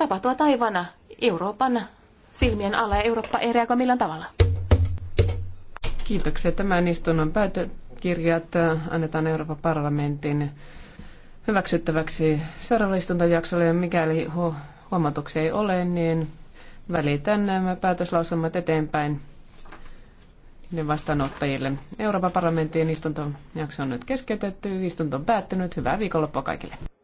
tapahtuvat aivan Euroopan silmien alla ja Eurooppa ei reagoi millään tavalla. Kiitoksia. Tämän istunnon päätökirjat äh, annetaan Euroopan parlamentin hyväksyttäväksi seuraavalle istuntajaksolle ja mikäli huomautuksia ei ole, niin välitän nämä päätöslausumat eteenpäin ne vastaanottajille. Euroopan parlamentin istuntojakso on nyt keskeytetty, istunto on päättynyt. Hyvää viikonloppua kaikille.